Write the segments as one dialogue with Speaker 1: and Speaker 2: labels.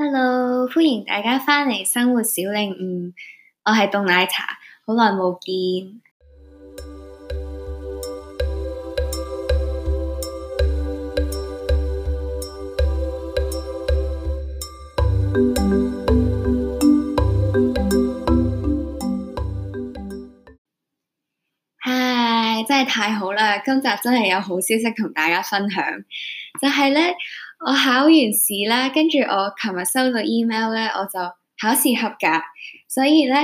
Speaker 1: Hello，歡迎大家返嚟《生活小領悟》嗯，我係凍奶茶，好耐冇見。Hi，真係太好啦！今集真係有好消息同大家分享，就係、是、咧。我考完試啦，跟住我琴日收到 email 咧，我就考試合格，所以咧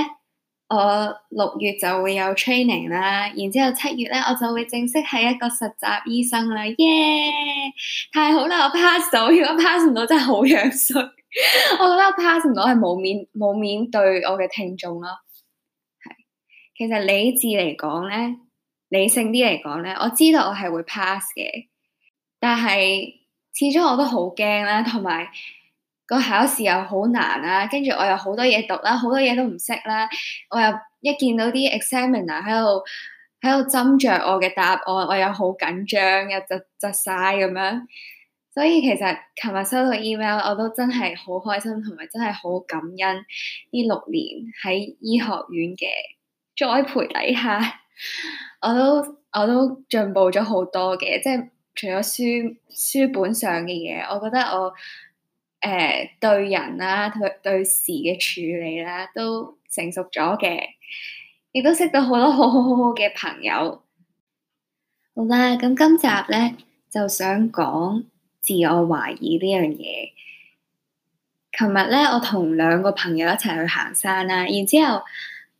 Speaker 1: 我六月就會有 training 啦，然之後七月咧我就會正式係一個實習醫生啦，耶、yeah！太好啦，我 pass 到，如果 pass 唔到真係好樣衰， 我覺得我 pass 唔到係冇面冇面對我嘅聽眾咯。係，其實理智嚟講咧，理性啲嚟講咧，我知道我係會 pass 嘅，但係。始終我都好驚啦，同埋個考試又好難啦，跟住我又好多嘢讀啦，好多嘢都唔識啦，我又一見到啲 examiner 喺度喺度斟酌我嘅答案，我又好緊張，又窒窒曬咁樣。所以其實琴日收到 email，我都真係好開心，同埋真係好感恩呢六年喺醫學院嘅栽培底下，我都我都進步咗好多嘅，即係。除咗書書本上嘅嘢，我覺得我誒、呃、對人啦、啊，對對事嘅處理啦、啊、都成熟咗嘅，亦都識到好多好好好好嘅朋友。好啦，咁今集咧就想講自我懷疑呢樣嘢。琴日咧，我同兩個朋友一齊去行山啦，然之後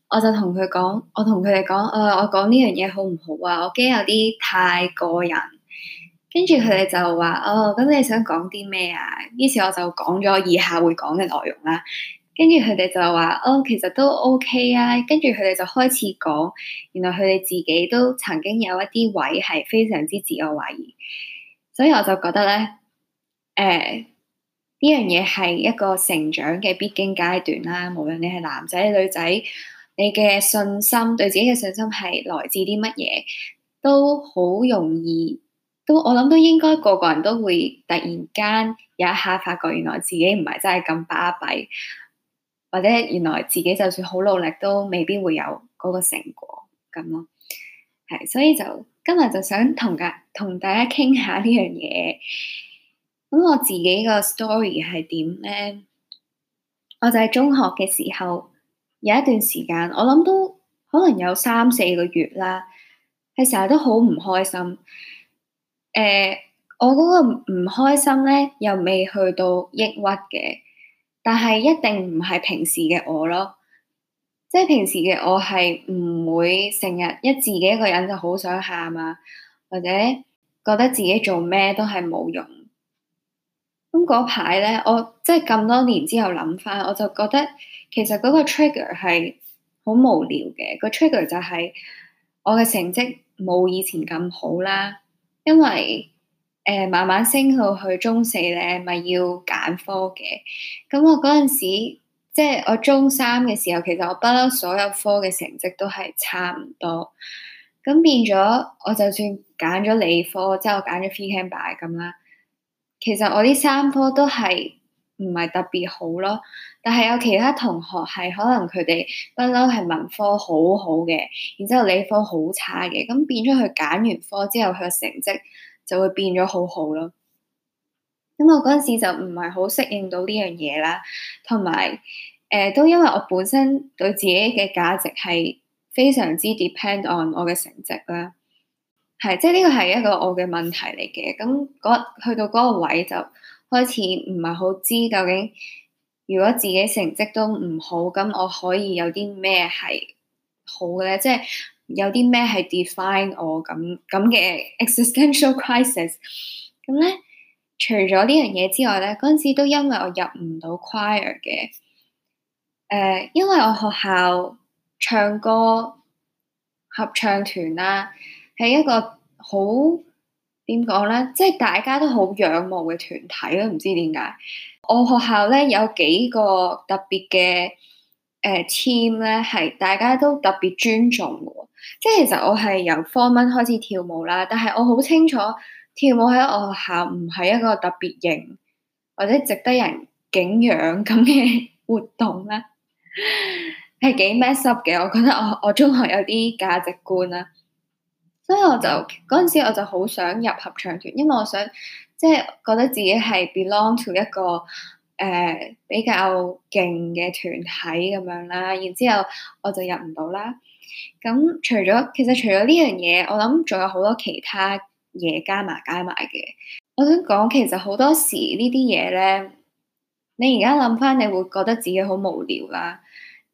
Speaker 1: 我就同佢講，我同佢哋講，我我講呢樣嘢好唔好啊？我驚有啲太個人。跟住佢哋就話哦，咁你想講啲咩啊？於是我就講咗以下會講嘅內容啦。跟住佢哋就話哦，其實都 OK 啊。跟住佢哋就開始講，原來佢哋自己都曾經有一啲位係非常之自我懷疑，所以我就覺得咧，誒，呃，呢樣嘢係一個成長嘅必經階段啦。無論你係男仔女仔，你嘅信心對自己嘅信心係來自啲乜嘢，都好容易。都我諗都應該個個人都會突然間有一下發覺，原來自己唔係真係咁巴閉，或者原來自己就算好努力都未必會有嗰個成果咁咯。係所以就今日就想同大同大家傾下呢樣嘢。咁我自己個 story 係點咧？我就喺中學嘅時候有一段時間，我諗都可能有三四個月啦，係成日都好唔開心。誒，uh, 我嗰個唔開心咧，又未去到抑鬱嘅，但係一定唔係平時嘅我咯。即係平時嘅我係唔會成日一自己一個人就好想喊啊，或者覺得自己做咩都係冇用。咁嗰排咧，我即係咁多年之後諗翻，我就覺得其實嗰個 trigger 係好無聊嘅。個 trigger 就係我嘅成績冇以前咁好啦，啊。因為誒、呃、慢慢升到去中四咧，咪要揀科嘅。咁我嗰陣時，即係我中三嘅時候，其實我不嬲所有科嘅成績都係差唔多。咁變咗，我就算揀咗理科，即係我揀咗 Phy Chem Bio 咁啦。其實我呢三科都係。唔係特別好咯，但係有其他同學係可能佢哋不嬲係文科好好嘅，然之後理科好差嘅，咁變咗佢揀完科之後，佢嘅成績就會變咗好好咯。咁我嗰陣時就唔係好適應到呢樣嘢啦，同埋誒都因為我本身對自己嘅價值係非常之 depend on 我嘅成績啦，係即係呢個係一個我嘅問題嚟嘅。咁嗰去到嗰個位就。開始唔係好知究竟，如果自己成績都唔好，咁我可以有啲咩係好嘅咧？即係有啲咩係 define 我咁咁嘅 existential crisis。咁咧，除咗呢樣嘢之外咧，嗰陣時都因為我入唔到 choir 嘅，誒、呃，因為我學校唱歌合唱團啦、啊，係一個好，點講咧，即係大家都好仰慕嘅團體都唔知點解。我學校咧，有幾個特別嘅誒、呃、team 咧，係大家都特別尊重嘅。即係其實我係由 form one 開始跳舞啦，但係我好清楚跳舞喺我學校唔係一個特別型或者值得人敬仰咁嘅活動咧，係幾 mess up 嘅。我覺得我我中學有啲價值觀啦。所以我就嗰陣時我就好想入合唱團，因為我想即係、就是、覺得自己係 belong to 一個誒、呃、比較勁嘅團體咁樣啦。然之後我就入唔到啦。咁除咗其實除咗呢樣嘢，我諗仲有好多其他嘢加埋加埋嘅。我想講，其實好多時呢啲嘢咧，你而家諗翻，你會覺得自己好無聊啦。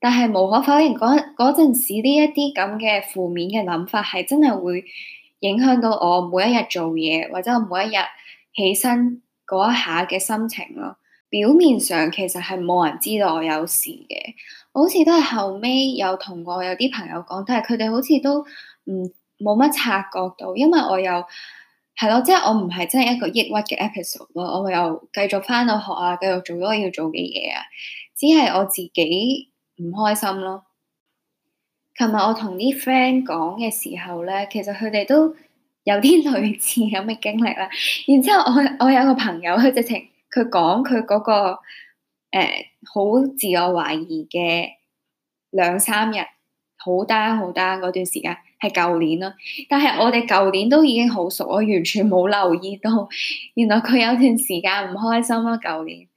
Speaker 1: 但係無可否認，嗰嗰陣時呢一啲咁嘅負面嘅諗法，係真係會影響到我每一日做嘢，或者我每一日起身嗰一下嘅心情咯。表面上其實係冇人知道我有事嘅，我好似都係後尾有同過有啲朋友講，但係佢哋好似都唔冇乜察覺到，因為我又係咯，即係、就是、我唔係真係一個抑鬱嘅 episode 咯，我又繼續翻到學啊，繼續做咗我要做嘅嘢啊，只係我自己。唔開心咯。琴日，我同啲 friend 講嘅時候咧，其實佢哋都有啲類似咁嘅經歷啦。然之後我我有個朋友，佢直情佢講佢嗰個誒好、呃、自我懷疑嘅兩三日，好 d 好 d 嗰段時間係舊年咯。但係我哋舊年都已經好熟，我完全冇留意到。原來佢有段時間唔開心啦，舊年，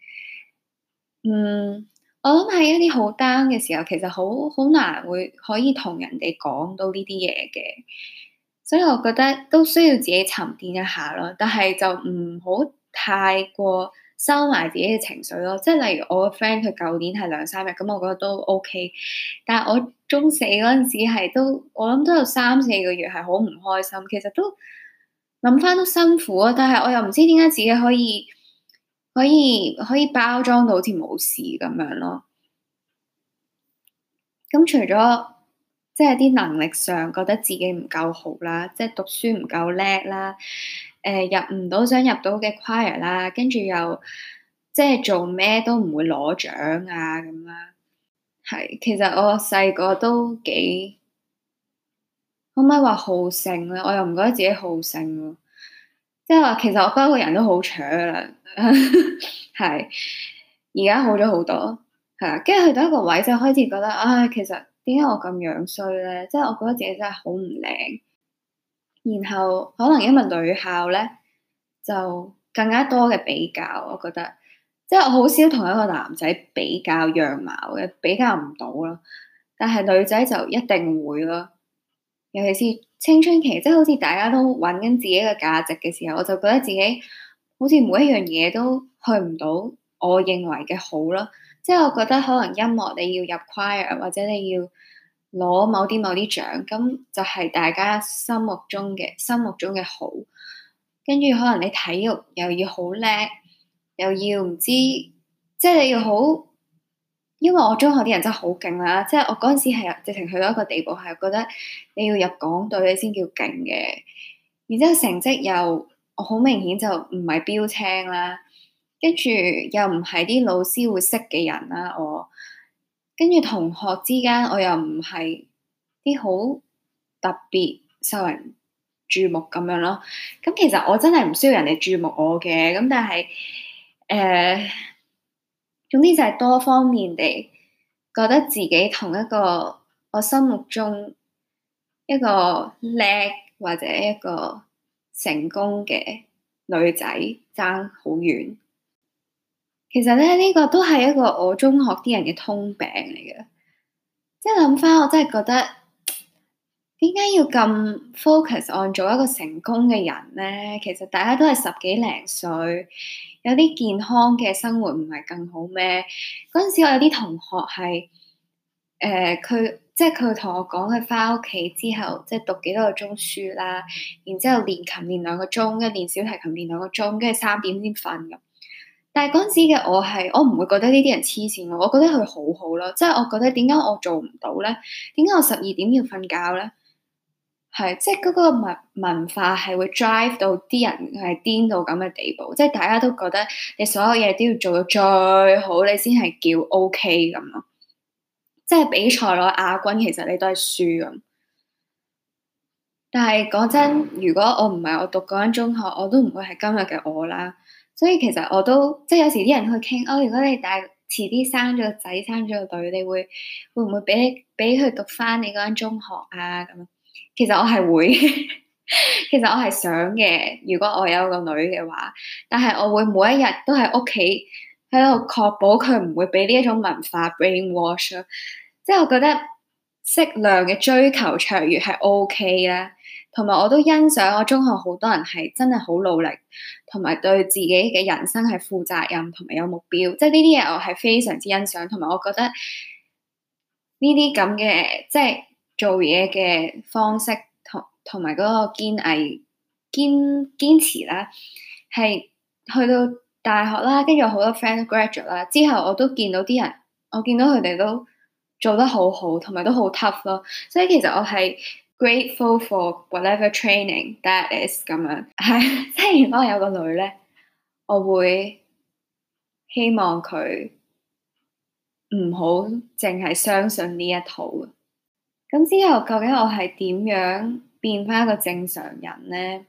Speaker 1: 嗯。我諗喺一啲好 down 嘅時候，其實好好難會可以同人哋講到呢啲嘢嘅，所以我覺得都需要自己沉澱一下咯。但係就唔好太過收埋自己嘅情緒咯。即係例如我個 friend 佢舊年係兩三日，咁我覺得都 OK。但係我中四嗰陣時係都，我諗都有三四個月係好唔開心，其實都諗翻都辛苦啊。但係我又唔知點解自己可以。可以可以包裝到好似冇事咁樣咯。咁除咗即係啲能力上覺得自己唔夠好啦，即係讀書唔夠叻啦，誒、呃、入唔到想入到嘅 choir 啦，跟住又即係做咩都唔會攞獎啊咁啦。係其實我細個都幾可唔可以話好勝咧，我又唔覺得自己好勝喎。即係話，其實我覺得個人都好搶噶啦，係而家好咗好多，係啦。跟住去到一個位，就開始覺得，唉，其實點解我咁樣衰咧？即係我覺得自己真係好唔靚，然後可能因為女校咧，就更加多嘅比較。我覺得，即係我好少同一個男仔比較樣貌嘅，比較唔到啦。但係女仔就一定會啦。尤其是青春期，即係好似大家都揾緊自己嘅價值嘅時候，我就覺得自己好似每一樣嘢都去唔到我認為嘅好咯，即係我覺得可能音樂你要入 choir，或者你要攞某啲某啲獎金，咁就係大家心目中嘅心目中嘅好。跟住可能你體育又要好叻，又要唔知，即係你要好。因為我中學啲人真係好勁啦，即係我嗰陣時係直情去到一個地步，係覺得你要入港隊你先叫勁嘅。然之後成績又我好明顯就唔係標青啦，跟住又唔係啲老師會識嘅人啦，我跟住同學之間我又唔係啲好特別受人注目咁樣咯。咁其實我真係唔需要人哋注目我嘅，咁但係誒。呃總之就係多方面地覺得自己同一個我心目中一個叻或者一個成功嘅女仔爭好遠。其實咧，呢個都係一個我中學啲人嘅通病嚟嘅。即係諗翻，我真係覺得點解要咁 focus on 做一個成功嘅人咧？其實大家都係十幾零歲。有啲健康嘅生活唔係更好咩？嗰陣時我有啲同學係，誒、呃，佢即係佢同我講佢返屋企之後，即係讀幾多個鐘書啦，然之後練琴練兩個鐘，跟住練小提琴練兩個鐘，跟住三點先瞓咁。但係嗰陣時嘅我係，我唔會覺得呢啲人黐線，我覺得佢好好咯。即係我覺得點解我做唔到咧？點解我十二點要瞓覺咧？係，即係嗰個文文化係會 drive 到啲人係癲到咁嘅地步，即係大家都覺得你所有嘢都要做到最好，你先係叫 OK 咁咯。即係比賽攞亞軍，其實你都係輸咁。但係講真，嗯、如果我唔係我讀嗰間中學，我都唔會係今日嘅我啦。所以其實我都即係有時啲人去傾哦，如果你大遲啲生咗個仔，生咗個女，你會會唔會俾俾佢讀翻你嗰間中學啊？咁。其實我係會，其實我係想嘅。如果我有個女嘅話，但係我會每一日都喺屋企喺度確保佢唔會俾呢一種文化 brainwash。即係我覺得適量嘅追求卓越係 OK 啦，同埋我都欣賞我中學好多人係真係好努力，同埋對自己嘅人生係負責任，同埋有目標。即係呢啲嘢，我係非常之欣賞，同埋我覺得呢啲咁嘅即係。做嘢嘅方式同同埋嗰個堅毅堅堅持啦，係去到大學啦，跟住好多 friend graduate 啦，之後我都見到啲人，我見到佢哋都做得好好，同埋都好 tough 咯。所以其實我係 grateful for whatever training that is 咁樣。係，即係如果有個女咧，我會希望佢唔好淨係相信呢一套。咁之後，究竟我係點樣變翻一個正常人咧？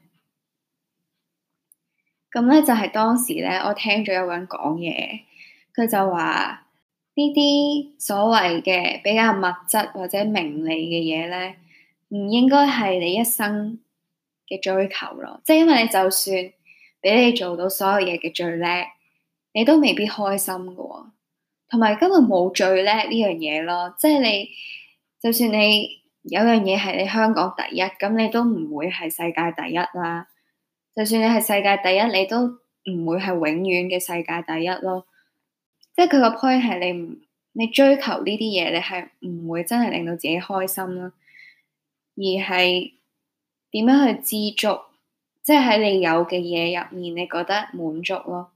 Speaker 1: 咁咧就係當時咧，我聽咗有個人講嘢，佢就話：呢啲所謂嘅比較物質或者名利嘅嘢咧，唔應該係你一生嘅追求咯。即係因為你就算俾你做到所有嘢嘅最叻，你都未必開心㗎喎、哦。同埋根本冇最叻呢樣嘢咯。即係你。就算你有樣嘢係你香港第一，咁你都唔會係世界第一啦。就算你係世界第一，你都唔會係永遠嘅世界第一咯。即係佢個 point 係你唔，你追求呢啲嘢，你係唔會真係令到自己開心啦，而係點樣去知足，即係喺你有嘅嘢入面，你覺得滿足咯。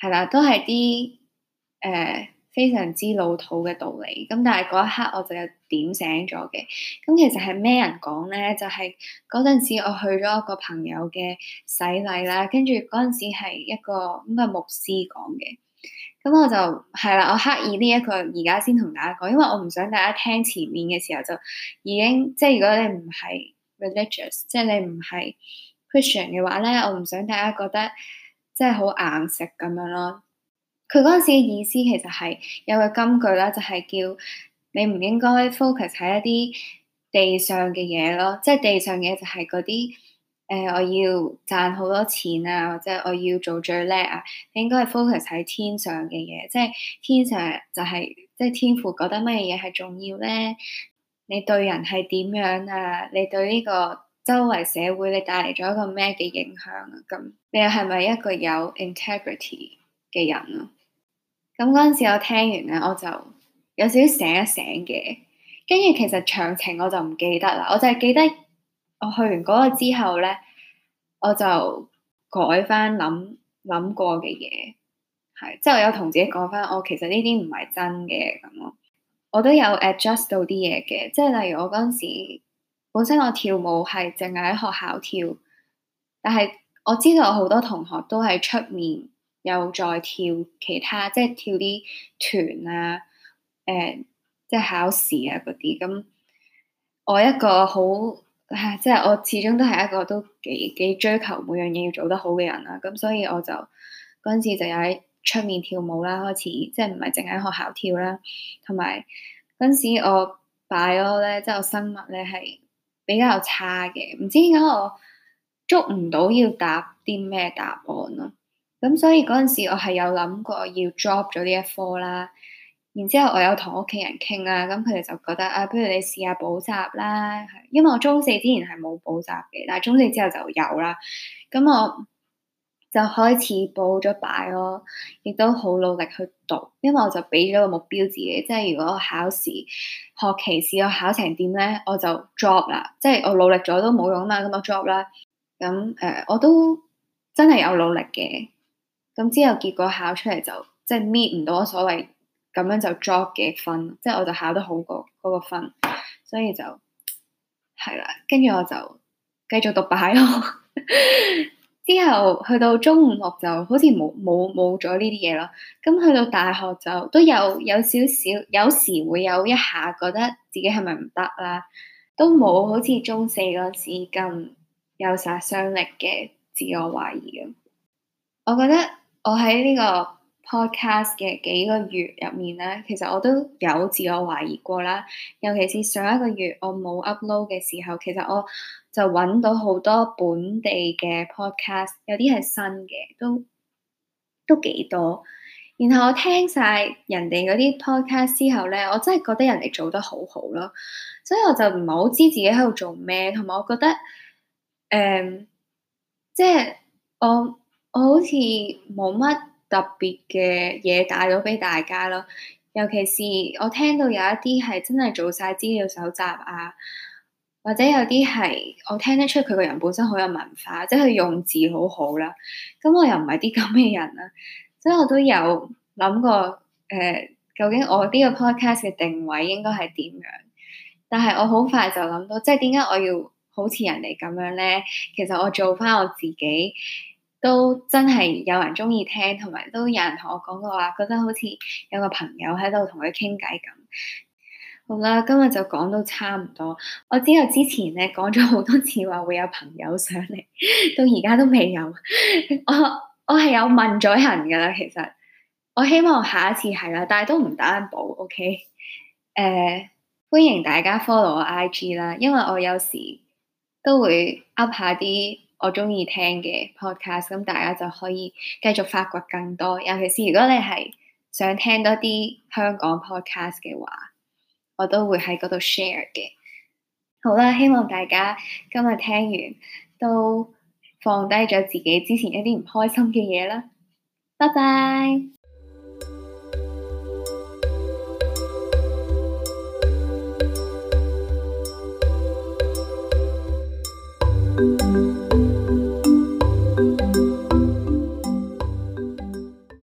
Speaker 1: 係啦，都係啲誒。呃非常之老土嘅道理，咁但係嗰一刻我就有點醒咗嘅。咁其實係咩人講咧？就係嗰陣時我去咗一個朋友嘅洗禮啦，跟住嗰陣時係一個應該係牧師講嘅。咁我就係啦，我刻意呢一個而家先同大家講，因為我唔想大家聽前面嘅時候就已經，即係如果你唔係 religious，即係你唔係 Christian 嘅話咧，我唔想大家覺得即係好硬食咁樣咯。佢嗰陣時嘅意思其實係有個金句啦，就係叫你唔應該 focus 喺一啲地上嘅嘢咯，即係地上嘅嘢就係嗰啲誒，我要賺好多錢啊，或者我要做最叻啊，你應該係 focus 喺天上嘅嘢，即係天上就係即係天父覺得乜嘢嘢係重要咧？你對人係點樣啊？你對呢個周圍社會你帶嚟咗一個咩嘅影響啊？咁你又係咪一個有 integrity？嘅人咯，咁嗰陣時我聽完咧，我就有少少醒一醒嘅。跟住其實詳情我就唔記得啦，我就係記得我去完嗰個之後咧，我就改翻諗諗過嘅嘢，係即係我有同自己講翻，我、哦、其實呢啲唔係真嘅咁咯。我都有 adjust 到啲嘢嘅，即係例如我嗰陣時本身我跳舞係淨係喺學校跳，但係我知道好多同學都喺出面。又再跳其他，即係跳啲團啊，誒、呃，即係考試啊嗰啲。咁我一個好、啊，即係我始終都係一個都幾幾追求每樣嘢要做得好嘅人啦、啊。咁所以我就嗰陣時就喺出面跳舞啦，開始即係唔係淨喺學校跳啦。同埋嗰陣時我 Bio 咧，即係我生物咧係比較差嘅，唔知點解我捉唔到要答啲咩答案咯、啊。咁所以嗰陣時我係有諗過要 drop 咗呢一科啦，然之後我有同屋企人傾啦，咁佢哋就覺得啊，不如你試下補習啦，因為我中四之前係冇補習嘅，但係中四之後就有啦。咁我就開始補咗擺咯，亦都好努力去讀，因為我就俾咗個目標自己，即係如果我考試、學期試我考成點咧，我就 drop 啦，即係我努力咗都冇用嘛。咁我 drop 啦。咁誒、呃，我都真係有努力嘅。咁之後結果考出嚟就即係搣唔到我所謂咁樣就 drop 嘅分，即係我就考得好過嗰個分，所以就係啦。跟住我就繼續讀擺咯。 之後去到中五學就好似冇冇冇咗呢啲嘢咯。咁去到大學就都有有少少，有時會有一下覺得自己係咪唔得啦，都冇好似中四嗰時咁有殺傷力嘅自我懷疑嘅。我覺得。我喺呢個 podcast 嘅幾個月入面咧，其實我都有自我懷疑過啦。尤其是上一個月我冇 upload 嘅時候，其實我就揾到好多本地嘅 podcast，有啲係新嘅，都都幾多。然後我聽晒人哋嗰啲 podcast 之後咧，我真係覺得人哋做得好好咯。所以我就唔係好知自己喺度做咩，同埋我覺得，誒、嗯，即係我。我好似冇乜特別嘅嘢帶到俾大家咯，尤其是我聽到有一啲係真係做晒資料搜集啊，或者有啲係我聽得出佢個人本身好有文化，即係佢用字好好啦。咁我又唔係啲咁嘅人啦，所以我都有諗過誒、呃，究竟我呢個 podcast 嘅定位應該係點樣？但係我好快就諗到，即係點解我要好似人哋咁樣咧？其實我做翻我自己。都真係有人中意聽，同埋都有人同我講過話，覺得好似有個朋友喺度同佢傾偈咁。好啦，今日就講到差唔多。我知道之前呢講咗好多次話會有朋友上嚟，到而家都未有。 我我係有問咗人噶啦，其實我希望下一次係啦，但係都唔擔保。OK，誒，歡迎大家 follow 我 IG 啦，因為我有時都會 up 下啲。我中意聽嘅 podcast，咁大家就可以繼續發掘更多。尤其是如果你係想聽多啲香港 podcast 嘅話，我都會喺嗰度 share 嘅。好啦，希望大家今日聽完都放低咗自己之前一啲唔開心嘅嘢啦。拜拜。